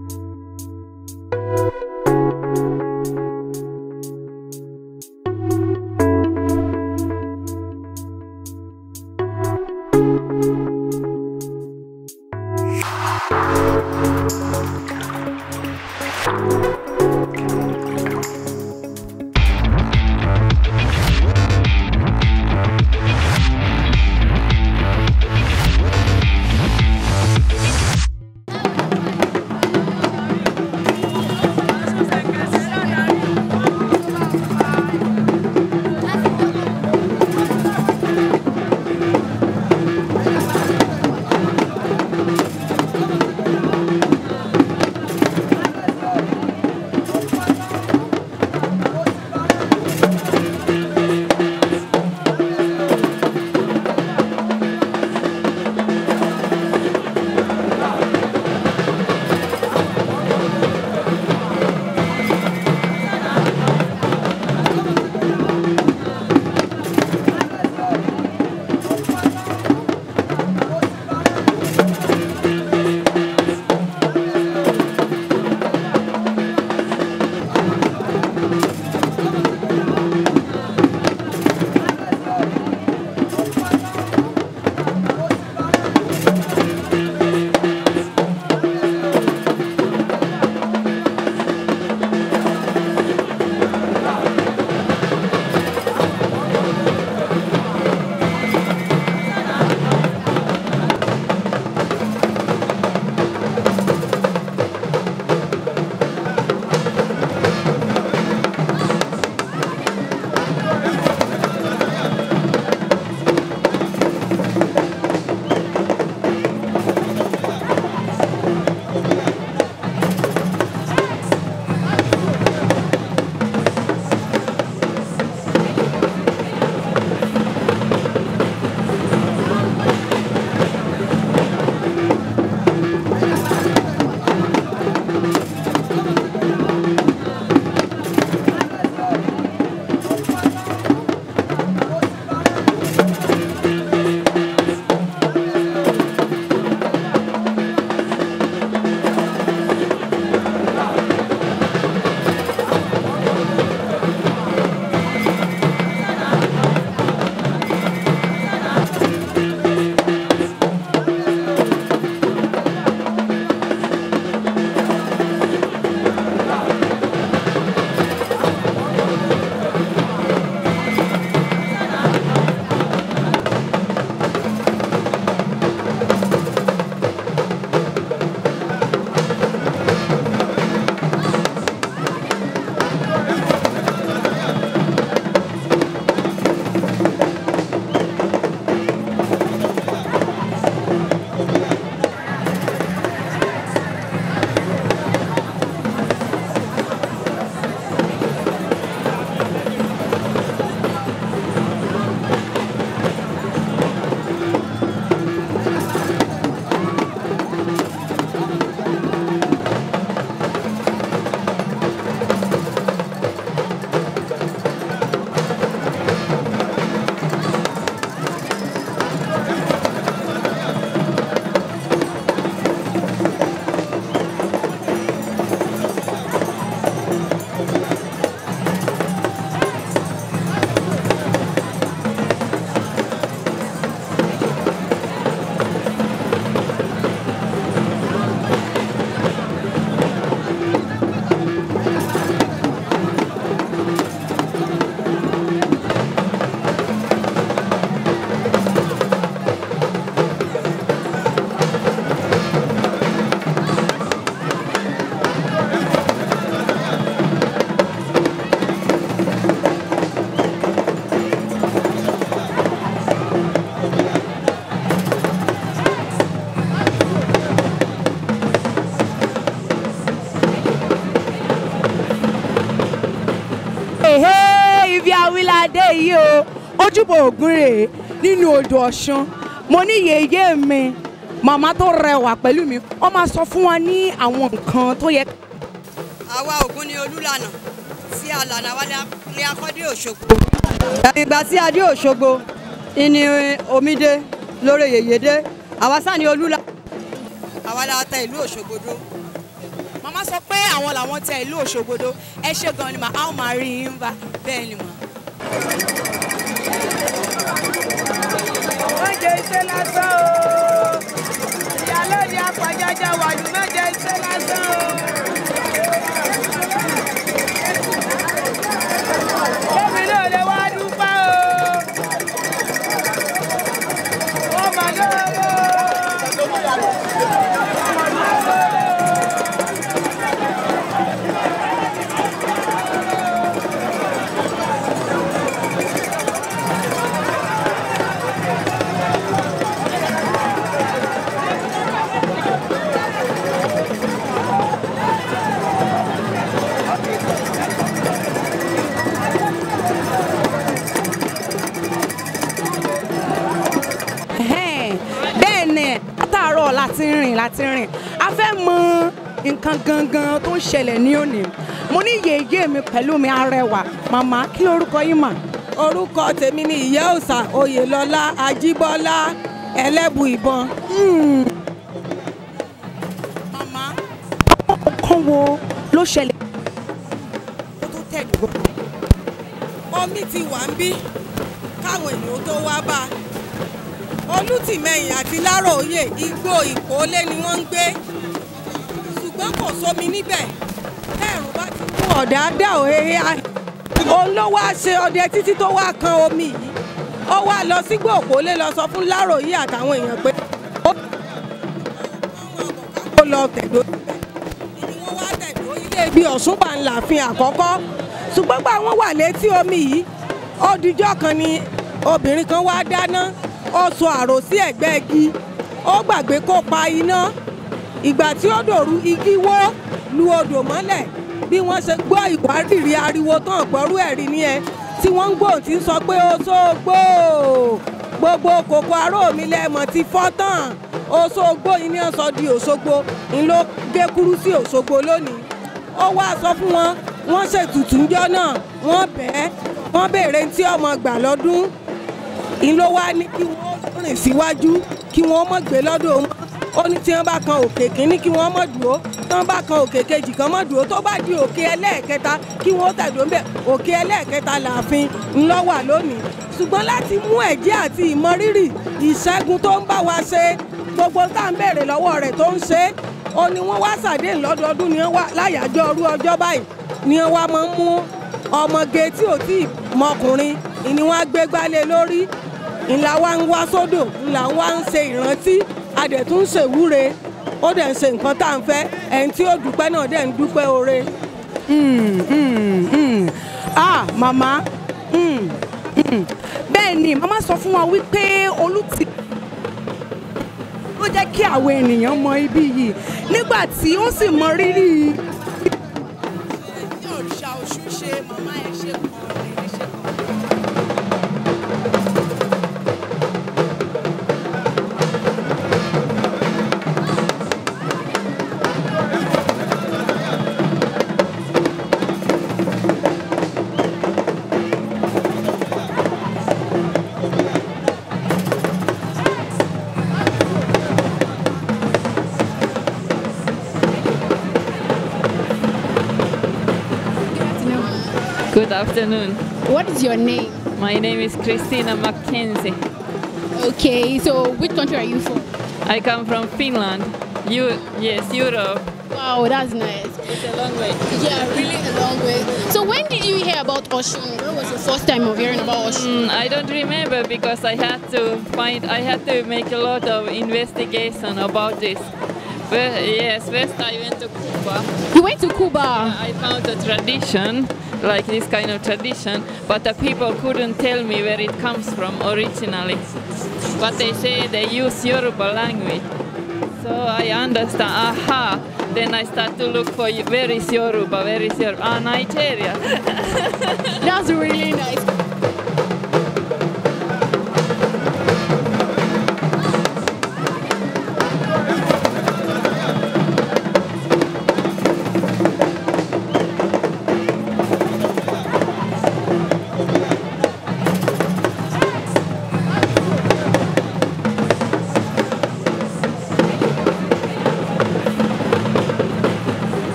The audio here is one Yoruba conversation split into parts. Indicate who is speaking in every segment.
Speaker 1: Thank you.
Speaker 2: o ojúbọ ògún rèé nínú odò ọ̀ṣun mo ní yèyé mi màmá tó rẹwà pẹ̀lú mi wọ́n máa sọ fún wa ní àwọn nǹkan
Speaker 1: tó yẹ. àwa ògún ni olùlànà sí àlànà wa ní akọ́dé òṣogbo. ìgbà tí adé òṣogbo ìní omidé lórí yèyédé àwa sáà ni olùlà. àwa la ta ìlú òṣogbo dó
Speaker 2: màmá sọ pé àwọn làwọn tẹ ìlú òṣogbodo ẹ ṣe gan ni mà á máa rí yín bá bẹ́ẹ̀ ni mà
Speaker 1: má jẹ iṣẹ́ lásán o ìyá lóye apàjájá wàjú má jẹ iṣẹ́ lásán o. kan gangan tó ń ṣẹlẹ̀ ní òní mo ní yèyé mi pẹ̀lú mi arẹwà màmá kí lorúkọ yín mà. orúkọ tèmi ni ìyá òòṣà oyèlọlá ajíbọ́lá ẹlẹ́bù ìbọn. Hmm. màmá àwọn kan wo ló ṣẹlẹ̀. omi ti wà ń bí káwọn ènìyàn tó wá bá a olùtìmẹ̀yìn àti láròóyè igbó ìkólé ni wọ́n ń gbé sómi níbẹ̀ tẹ́ẹ̀rù bá ti kú ọ̀dà dá òhehe olówó àṣẹ ọdẹ títí tó wá kan omi yìí ó wá lọ sígbó òpólé lọ sọ fún Láròyé àtàwọn èèyàn pé ó lọ tẹ̀dó ìdíwọ́ wá tẹ̀dó ilé ibi ọ̀ṣunbà ńlá fi àkọ́kọ́ ṣùgbọ́n gbà wọ́n wà létí omi yìí ó dijọ́ kan ni obìnrin kan wá dáná ó sọ àrò sí ẹ̀gbẹ́ igi ó gbàgbé kó pa iná ìgbà tí ó dòru igi wó lu odò mọ́lẹ̀ bí wọ́n ṣe gbọ́ ìwárìrì ariwo tán pẹ̀lú ẹ̀rí ni ẹ tí wọ́n ń gbò tí ń sọ pé Òṣogbo gbogbo kòkó aró mi lẹ́mọ̀ ti fọ́ tán Òṣogbo iná sọ di Òṣogbo ń ló gbé kúrú sí Òṣogbo lónìí ó wá sọ fún wọn wọ́n ṣètùtù ńjọ́ náà wọ́n bẹ́ẹ̀ wọ́n béèrè tí ọmọ gbà lọ́dún ń ló wá ní kí wọ́n rìn síwájú kí wọ́n mọ̀ gbé lọ́dọ̀ wọn ó ní tí wọ́n bá kan òkè kínní kí wọ́n mọ̀ dúró tí wọ́n bá kan òkè kejì kan mọ̀ dúró tó bá di òkè ẹlẹ́ẹ̀kẹta kí wọ́n tẹ̀dó ń bẹ̀ òkè ẹlẹ́ẹ̀kẹta làáfin ńlọ́wà lónìí ṣùgbọ́n láti mú ẹ̀jẹ̀ àti ìmọrírì ìṣẹ́gun tó ń bá wa ṣe gbogbo tá à ń béèrè lọ́wọ́ rẹ̀ tó ń ṣe é ó ní wọ́n wá sàdé lọ́dọọdún ni wọ́n wá láyàjọ́ ọrú ọjọ́ báyìí ni wọ́n wá máa ń mú ọmọge tí ò tí ì mọkùnrin ni wọ́n á gbé gbálẹ̀ lórí ńlá wa ń wá sódò ńlá wa ń ṣe ìrántí a dẹ̀ tún ṣèwúre ó dẹ̀ ń ṣe nǹkan tá à ń fẹ́ ẹni tí ó dúpẹ́ náà dẹ̀ ń dúpẹ́ oore. Hmm, hmm, hmm. ah màmá
Speaker 2: bẹ́ẹ̀ ni màmá sọ fún wa wípé olùtí ló jẹ́ kí àwọn ènìyàn mọ ibi yìí nígbà tí ó sì mọ rírì
Speaker 3: Good afternoon. What is your name? My name is Christina Mackenzie. Okay, so which country are you from? I come from Finland. You, yes, Europe. Wow, that's nice.
Speaker 2: It's a long way.
Speaker 3: Yeah, really a long way. So when did you hear about Oshun? When was the first time of hearing about Oshun? Mm, I don't remember because I had to find, I had to make a lot of investigation about this yes, first I went to Cuba.
Speaker 1: You went to Cuba? I
Speaker 3: found a tradition, like this kind of tradition, but the people couldn't tell me where it comes from originally. But they say they use Yoruba language. So I understand, aha, then I start to look for where is Yoruba, where is Yoruba, ah, Nigeria. That's really nice.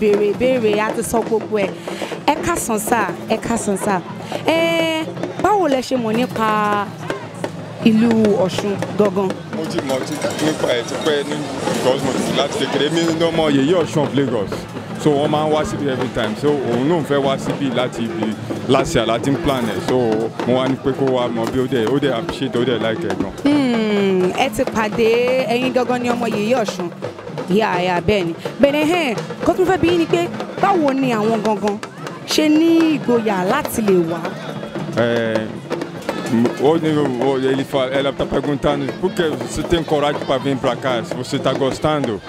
Speaker 2: béèrè ìbéèrè a ti sọ gbogbo ẹ̀ ẹ kásán sá ẹ kásán sá ẹ báwo lẹ ṣe mọ̀ nípa ìlú ọ̀ṣun gangan.
Speaker 3: mo ti mọ̀ nípa ẹ̀ ti pẹ́ ní gosmo láti kékeré mi ní ọmọ yèyé ọ̀ṣun of Lagos so wọ́n máa ń wá síbi every time so òun náà fẹ́ wá síbi láti ibi láti àlá tí ń plan ẹ̀ so mo wá ní pé kó wá mọ̀ bí ó dẹ̀ ó dẹ̀ appreciate ó dẹ̀ like ẹ̀ gan.
Speaker 2: Hmm, ẹ ti pàdé ẹ̀yin gangan ni ọmọ yèyé ọ̀ṣun. ìyá àyà Benny Benny bẹ̀rẹ̀ hẹ́n kó tún fẹ́ bí o pé báwo ni àwọn gangan ṣe ní ìgboyà láti lè
Speaker 3: Hoje ele fala, ela está perguntando por que você tem coragem para vir para cá, se você está gostando.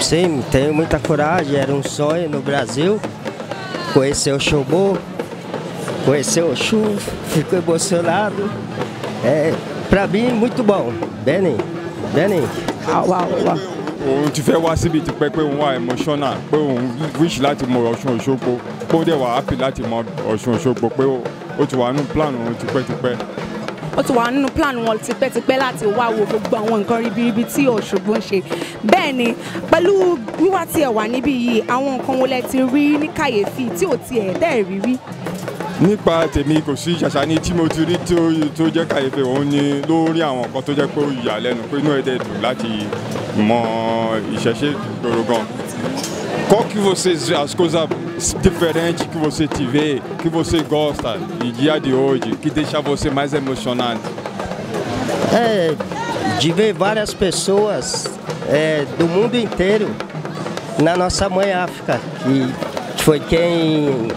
Speaker 3: Sim, tenho muita coragem, era um sonho no Brasil. Conhecer o Xobô, conhecer o Xu, fico emocionado. É, para mim, muito bom. Benny Benny Au, au, au. òun ti fẹ́ wá síbi ti pẹ́ pé òun wà emotional pé òun wish láti mọ Ọ̀ṣun Òṣogbo pé ó dẹ̀ wà happy láti mọ Ọ̀ṣun Òṣogbo pé ó ti wà nínú plan òun tipẹ́tipẹ́
Speaker 2: ó ti wà nínú plan wọn tipẹ́tipẹ́ láti wá wo gbogbo àwọn nǹkan ribiribi tí Òṣogbo ń ṣe bẹ́ẹ̀ ni pẹ̀lú wíwá tí ẹ wà níbí yìí àwọn nǹkan wo lẹ ti rí ní kàyéfì tí ò tiẹ̀ tẹ́ẹ̀ rí rí.
Speaker 3: nípa tèmi kò sí ṣàṣà ní tí mo ti rí tó jẹ́ kàyéfẹ́ òun ni lórí àwọn nǹkan tó jẹ́ pé ó yà lẹ́nu pé inú ẹ̀dẹ̀ dùn láti mọ ìṣẹ̀ṣe gbòòrò gan. Qual que vocês, as coisas diferentes que você tiver, que você gosta de dia de hoje, que deixa você mais emocionante? É, de ver várias pessoas é, do mundo inteiro na nossa mãe África, que foi quem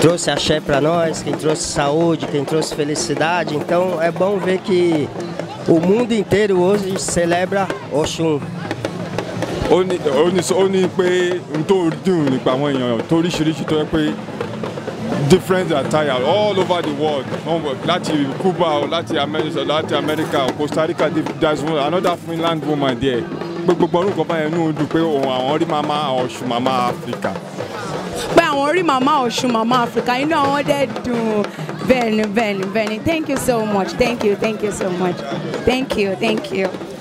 Speaker 3: trouxe axé para nós, quem trouxe saúde, quem trouxe felicidade. Então é bom ver que o mundo inteiro hoje celebra Oxum. different attire all over the world Cuba láti America láti America Costa Rica there's another Finland woman there gbogbo ọdún kan báyẹn ní o dùn pé òun àwọn mama Ọ̀ṣun Africa.
Speaker 2: àwọn orí màmá ọ̀ṣun màmá Africa You know what dẹ̀ do, Benny, Benny, Benny. thank you so much thank you thank you so much thank you thank you.